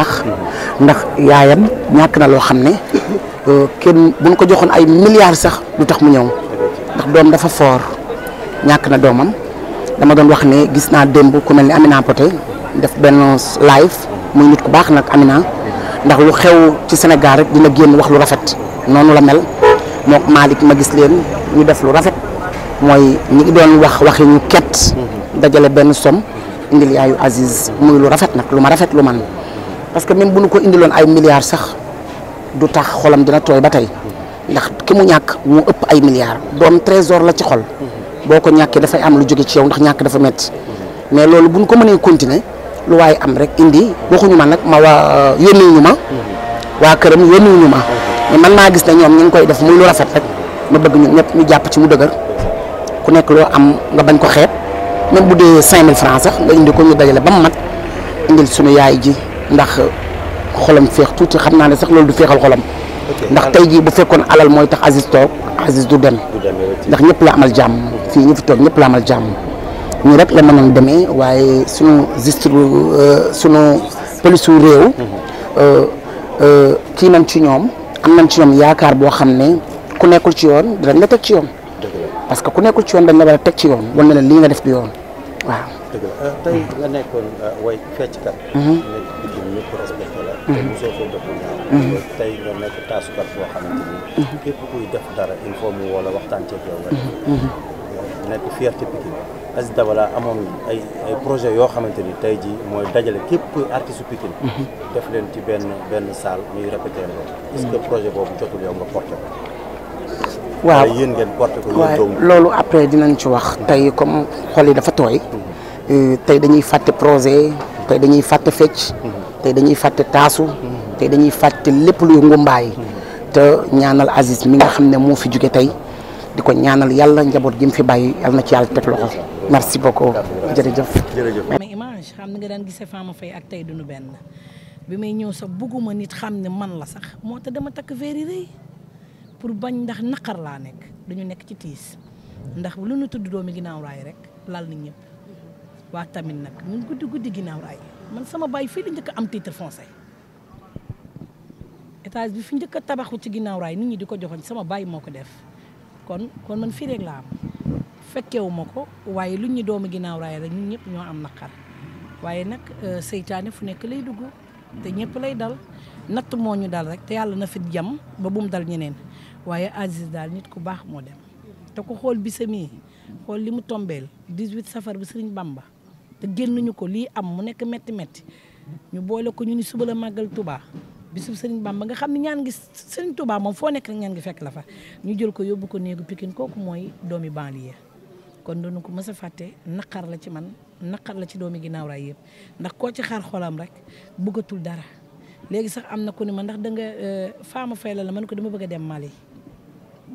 tax ndax yaayam na loo xam ne euh, kenn buñ ko joxoon ay milliards sax du tax mu ñëw dafa foor ñàkk na doomam dama doon wax ne gis naa démb ku mel ni Amina Poté def benn live muy nit ku baax nag Amina ndax lu xew ci Sénégal rek dina génn wax lu rafet noonu la mel mook Malick ma gis leen ñu def lu rafet mooy ñi ngi doon wax waxi ñu ket mm-hmm. dajale benn somme indil yaayu muy lu rafet nag lu ma rafet lu man parce que même bu ñu ko indiloon ay milliards sax du tax xolam dina tooy ba tey ndax ki mu ñàkk mu ëpp ay milliards doom trésor la ci xol boo ko ñàkkee dafay am lu jóge ci yow ndax ñàkk dafa metti mais loolu bu ñu ko mënee continuer lu waaye am rek indi waxuñu ma nag ma waa euh, yónniwuñu ma waa këram yónniwuñu ma mais man maa gis ne ñoom ñu ngi koy def muy lu rafet rek ma bëgg ñun ñëpp ñu jàpp ci mu dëgër ku nekk loo am nga bañ ko xeeb même bu dee 5000 francs sax nga indi ko ñu dajale ba mu mat indil yaay ji ndax xolam feex tuuti xam naa ne sax loolu du feexal xolam. ndax tey jii bu fekkoon alal mooy tax Aziz toog Aziz du dem. ndax ñëpp la amal jàmm fii ñu fi toog ñëpp la amal jàmm. ñu rek la mënoon deme waaye sunu gistru euh, sunu polisu réew. Mhm. Euh, euh, kii nañ ci ñoom am nañ ci ñoom yaakaar boo xam ne ku nekkul ci yoon dinañ la teg ci yoon. parce que ku nekkul ci yoon dañ la war a teg ci yoon wan na leen lii nga def du yoon waaw. ñëpp respecté la. Mhm. te mosoo fee def lu ñaaw. tey nga nekk taasukat boo xamante ni. Mhm. képp kuy def dara il woo la waxtaan ceeg yow nga mhm. nekk fierté Pikine Aziz Dabala amoon ay projet yoo xamante ni tey ji mooy dajale képp artiste Pikine def leen ci benn benn salle ñuy répété loolu est-ce que projet boobu jotul yow nga porté loolu après dinañ ci wax tey comme xol yi dafa tooy euh, tey dañuy fàtte projet tey dañuy fàtte fecc tey dañuy fàtte taasu tey dañuy fàtte lépp luy ngu ngumbaay te ñaanal Aziz mi nga xam ne moo fi jóge tey di ko ñaanal yàlla njaboot gi mu fi bàyyi yàlla na ci yàlla teg loxo merci beaucoup jërëjëf mais image xam ni nga daan gisee Fama Faye ak tey duñu benn bi may ñëw sax bëgguma nit xam ne man la sax moo te dama takk véri rëy pour bañ ndax naqar laa nekk dañu nekk ci tiis ndax lu ñu tudd doomi ginnaaw raay rek lal na ñëpp waa tamit nag ñun guddi guddi ginnaaw raay man sama baay fii la njëkk a am titre foncier étage bi fi njëkk a tabaxu ci ginnaaw raay nit ñi di ko joxoñ sama baay moo ko def kon kon man fii rek laa am fekkewu ma ko waaye lu ñu doomu ginnaaw raay rek ñun ñëpp ñoo am naqar waaye nag euh, seytaane fu nekk lay dugg te ñëpp lay dal natt moo ñu dal rek te yàlla na fit jam ba bum dal ñeneen waaye Aziz daal nit ku baax moo dem te ko xool bisamii xool li mu tombeel 18 safar bi Sëriñ Bamba te génnuñu ko lii am mu nekk métti métti ñu boole ko ñu ni suba la màggal Touba bisub Serigne Bamba nga xam ne ñaan ngi Serigne tubaa moom foo nekk rek ñaan ngi fekk la fa ñu jël ko yóbbu ko néegu Pikine kooku mooy doomi banlieue kon doonu ko mës a fàtte naqar la ci man naqar la ci doomi ginnaaw raay yëpp ndax koo ci xaar xolam rek bëggatul dara léegi sax am na ku ne ma ndax da nga euh, faama fay la la man ko dama bëgg a dem Mali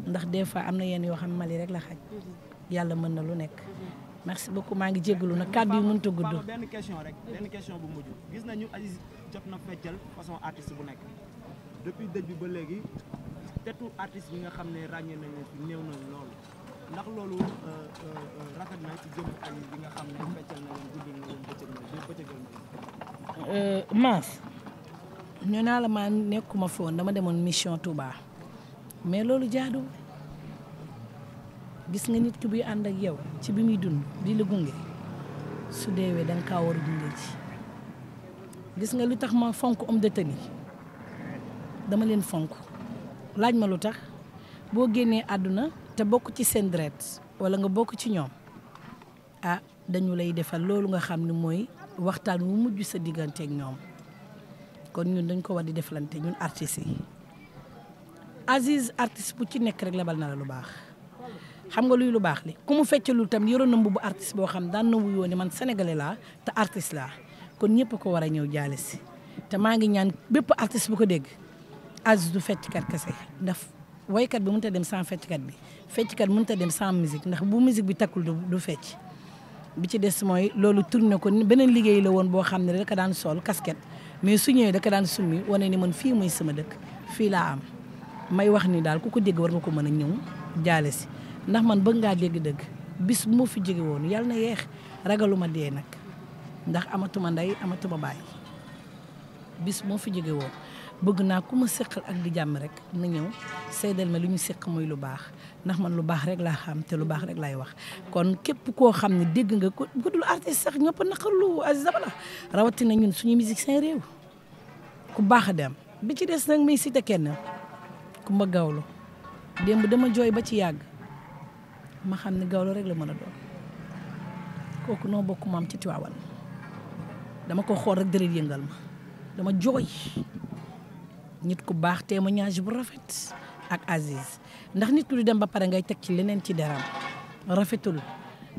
ndax des fois am na yenn yoo xam Mali rek la xaj yàlla mën na lu nekk merci beaucoup maa ngi jégalu nag kàddu yi mënut a gudd. benn question rek benn question bu mujj gis nañu Aziz jot na feccal façon artiste bu nekk depuis dëj bi ba léegi tetu artiste bi nga xam ne ràññee nañu fi néew na lool ndax loolu euh, euh, euh, rafet na ci jëm Aziz bi nga xam ne feccal na leen guddi na leen bëccëg na leen bëccëgal na Maas ñu naa la maa nekkuma fi woon dama demoon mission Touba mais loolu jaadu. gis nga nit ki buy ànd ak yow ci bi muy dund di la gunge su deewee danga kaa war a gunge ci gis nga lu tax ma fonk homme de tenue dama leen fonk laaj ma lu tax boo génnee àdduna te bokk ci seen deret wala nga bokk ci ñoom ah dañu lay defal loolu nga xam ni mooy waxtaan wu mujj sa diggante ak ñoom kon ñun dañ ko war di deflante ñun artistes yi Aziz artiste bu ci nekk rek lebal na la lu baax xam nga luy lu baax li ku mu feccalul tam yoroon na mbubu artiste boo xam daan na wuyoo ne man sénégalais laa te artiste laa kon ñëpp ko war a ñëw jaale si te maa ngi ñaan bépp artiste bu ko dégg Aziz du fecckat kese ndax woykat bi mënut a dem sans fecckat bi fecckat mënut a dem sans musique ndax bu musique bi takkul du fecc bi ci des mooy loolu tourné ko beneen liggéey la woon boo xam ne da ka daan sol casquette mais su ñëwee da ka daan summi wane ni man fii mooy sama dëkk fii laa am may wax ni daal ku ko dégg war nga ko mën a ñëw jaale si ndax man bëgg ngaa dégg dëgg bis moo fi jóge woon yàlla na yeex ragaluma dee nag ndax amatuma ndey amatuma baay bis moo fi jóge woon bëgg naa ku ma seqal ak di jàmm rek na ñëw seedal ma lu ñu seq muy lu baax ndax man lu baax rek laa xam te lu baax rek lay wax kon képp koo xam ne dégg nga ko guddul artiste sax ñëpp naqarlu Aziz Dabala rawatina ñun suñu musique seen réew ku baax a dem bi ci des nag muy cité kenn ku ma gawlu démb dama jooy ba ci yàgg ma xam ne Gawlo rek la mën a doon kooku noo bokk maam ci Tiwaawan dama ko xool rek dërët yëngal ma dama jooy nit ku baax témoignage bu rafet ak Aziz ndax nit ku dem ba pare ngay teg ci leneen ci deram rafetul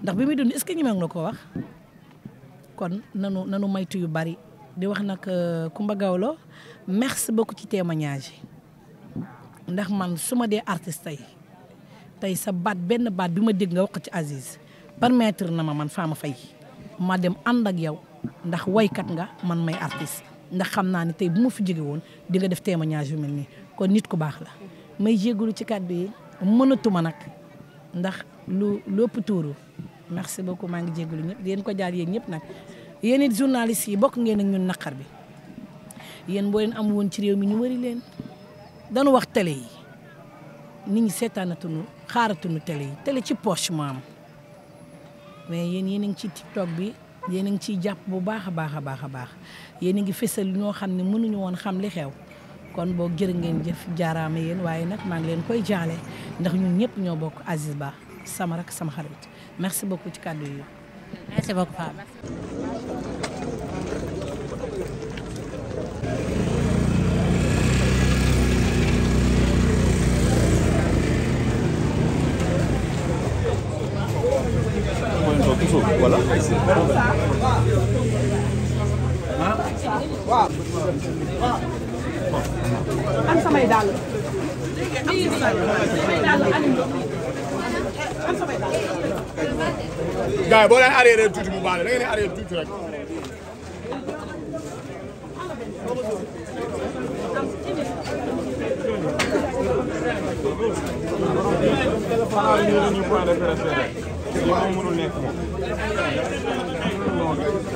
ndax bi muy dund est-ce que ñemeeg na ko wax kon nanu nanu maytu yu bari di wax nag Kumba euh, Gawlo merci beaucoup ci témoignage yi ndax man su ma dee artiste yi tey sa baat benn baat bi ma dégg nga wax ci Aziz permettre na ma man Fama fay ma dem ànd ak yow ndax waykat nga man may artiste ndax xam naa ne tey bu ma fi jóge woon di nga def témoignage yu mel nii kon nit ku baax la may jégalu ci kàddu yi mënatuma nag ndax lu lépp tuuru merci beaucoup maa ngi jégalu ñëpp di leen ko jaar yéen ñëpp nag yéen it yi bokk ngeen ak ñun naqar bi yéen boo leen am woon ci réew mi ñu wari leen dañu wax télé yi nit ñi seetaanatuñu xaaratuñu télé yi télé ci poche moo mais yéen yéen a ngi ci tiktok bi yéen a ngi ciy jàpp bu baax a baax a baax a baax yéen a ngi fësal ñoo xam ne mënuñu woon xam li xew kon boo jërë ngeen jëf jaaraama yéen waaye nag maa ngi leen koy jaale ndax ñun ñëpp ñoo bokk Aziz Ba sama rak sama xarit merci beaucoup ci kàddu yi. merci beaucoup Pape. am samay dàll. gars yi boo leen arrière tuuti mu baale da ngeen di arrière tuuti rek. waaw ñu ngi leen ñu point de presse rek.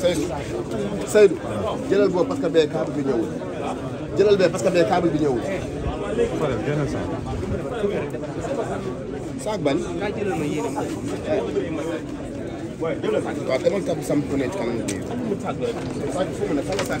Seydou Seydou jëlal boobu parce que bee câble bi ñëwul jëlal bee parce que bee câble bi ñëwul. saak bañ. waaw demal kàpp sam ku ne bi. saak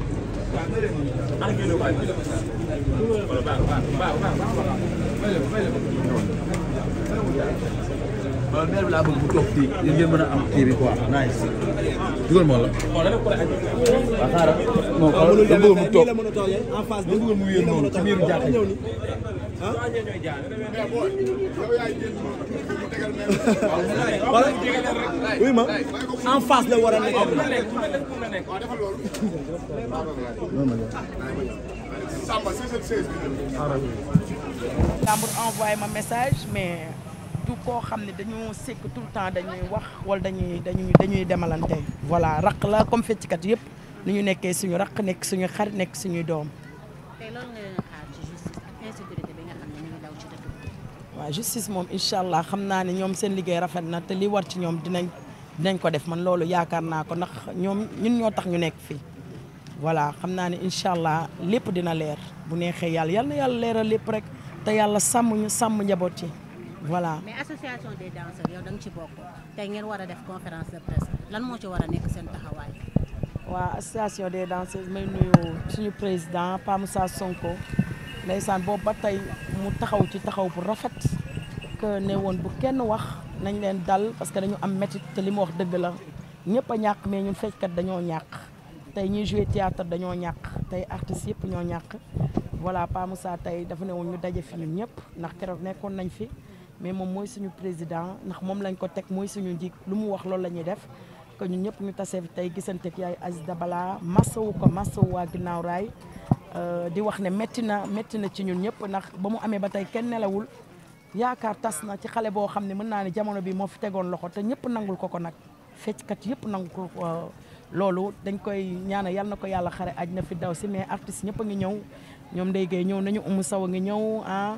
waaw mère bi laa bëgg mu toog fii yéen ngeen mën a am kii bi quoi nice. dugal ma la. waaw xaaral non xool da bëgg mu toog da bëgg mu wéer noonu ci biiru jàkka ji. voilà oui ma en face la war a nekk envoyé ma message mais du koo xam ne dañoo sekk tout le temps dañuy wax wala dañuy dañuy dañuy demalante voilà raq la comme feccikat yëpp ni ñu nekkee suñu raq nekk suñu xarit nekk suñuy doom. waaw justice moom incha allah xam naa ne ñoom seen liggéey rafet na te li war ci ñoom dinañ dinañ ko def man loolu yaakaar naa ko ndax ñoom ñun ñoo tax ñu nekk fii voilà xam naa ne incha allah lépp dina leer bu neexee yàlla yal na yàlla leeral lépp rek te yàlla sàmm ñu sàmm njaboot yi voilà. mais association des danseurs ci bokk tey ngeen war def conférence de presse lan moo ci war a nekk seen taxawaay. waaw association des danseurs may nuyu suñu président Pa Moussa Sonko. ndeysaan boobu ba tey mu taxaw ci taxaw bu rafet que ne woon bu kenn wax nañ leen dal parce que dañu am métit li mu wax dëgg la ñëpp a mais ñun fecckat dañoo ñàkk tey ñuy joué théâtre dañoo ñàkk tey artistes yëpp ñoo ñàkk voilà Pa Moussa tey dafa ne ñu daje fi ñëpp ndax keroog nekkoon nañ fi mais moom mooy suñu président ndax moom lañ ko teg mooy suñu njiit lu mu wax loolu la ñuy def que ñun ñëpp ñu tasee fi tey gisante ak yaay Aziz Dabala masawu ko masawu waa ginnaaw raay Euh, di wax ne métti na métti na ci ñun ñëpp ndax ba mu amee ba tey kenn nelawul yaakaar tas na ci xale boo xam ne mën naa ne jamono bii moo fi tegoon loxo te ñëpp nangul ko ko nag fecc kat yëpp nangul ko euh, loolu dañ koy ñaanal yal na ko yàlla xare aj na fi daw si mais artistes ñëpp a ngi ñëw ñoom Ndeye Gueye ñëw nañu umu saw a ngi ñëw ah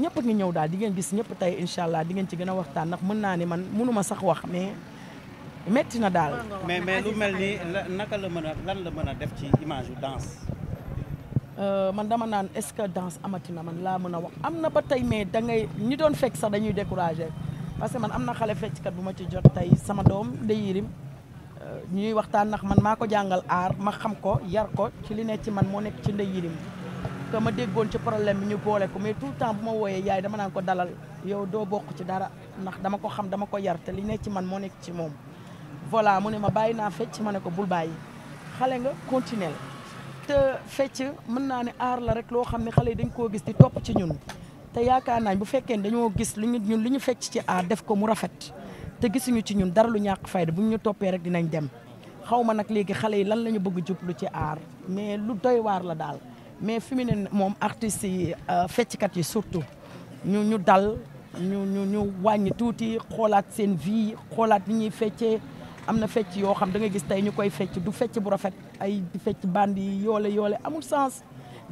ñëpp a ñëw daal di ngeen gis ñëpp tey incha allah di ngeen ci gën a waxtaan ndax mën naa ne man mënuma sax wax mais métti na daal. mais mais lu mel ni naka la mën a lan la mën a def ci image dance Euh, man dama naan est-ce que danse amatina man laa mën a wax am na ba tey mais dangay ngay ñi doon fekk sax dañuy découragé parce que man am na xale fecckat bu ma ci jot tey sama doom day yirim euh, ñuy waxtaan ndax man maa ko jàngal aar ma xam ko yar ko ci li nekk ci man moo nekk ci ndey yirim que ma déggoon ci problème bi ñu boole ko mais tout le temps bu ma wooyee yaay dama naan ko dalal yow doo bokk ci dara ndax dama ko xam dama ko yar te li nekk ci man moo nekk ci moom voilà mu ne ma bàyyi naa fecc ma ne ko bul bàyyi xale nga continuer te fecc mën naa ne aar la rek loo xam ne xale yi dañ koo gis di topp ci ñun te yaakaar naa bu fekkee ne dañoo gis lu ñu ñun li ñu fecc ci aar def ko mu rafet te gisuñu ci ñun dara lu ñàkk fayda bu ñu toppee rek dinañ dem xaw ma nag léegi xale yi lan lañu ñu bëgg jublu ci aar mais lu doy waar la daal mais fi mu ne moom artistes yi euh, fecckat yi surtout ñu ñu dal ñu ñu ñu wàññi tuuti xoolaat seen vie xoolaat ni ñuy feccee am na fecc yoo xam da nga gis tey ñu koy fecc du fecc bu rafet ay fecc bandi yi yoole yoole amul sens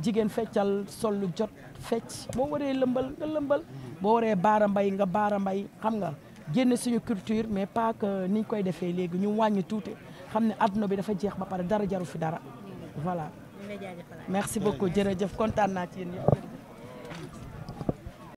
jigéen feccal sol lu jot fecc boo waree lëmbal nga lëmbal boo waree baara mbay nga baara mbay xam nga génn suñu culture mais pas ni ñu koy defee léegi ñu wàññi tuuti xam ne adduna bi dafa jeex ba pare dara jaru fi dara voilà merci beaucoup jërëjëf kontaan naa ci yéen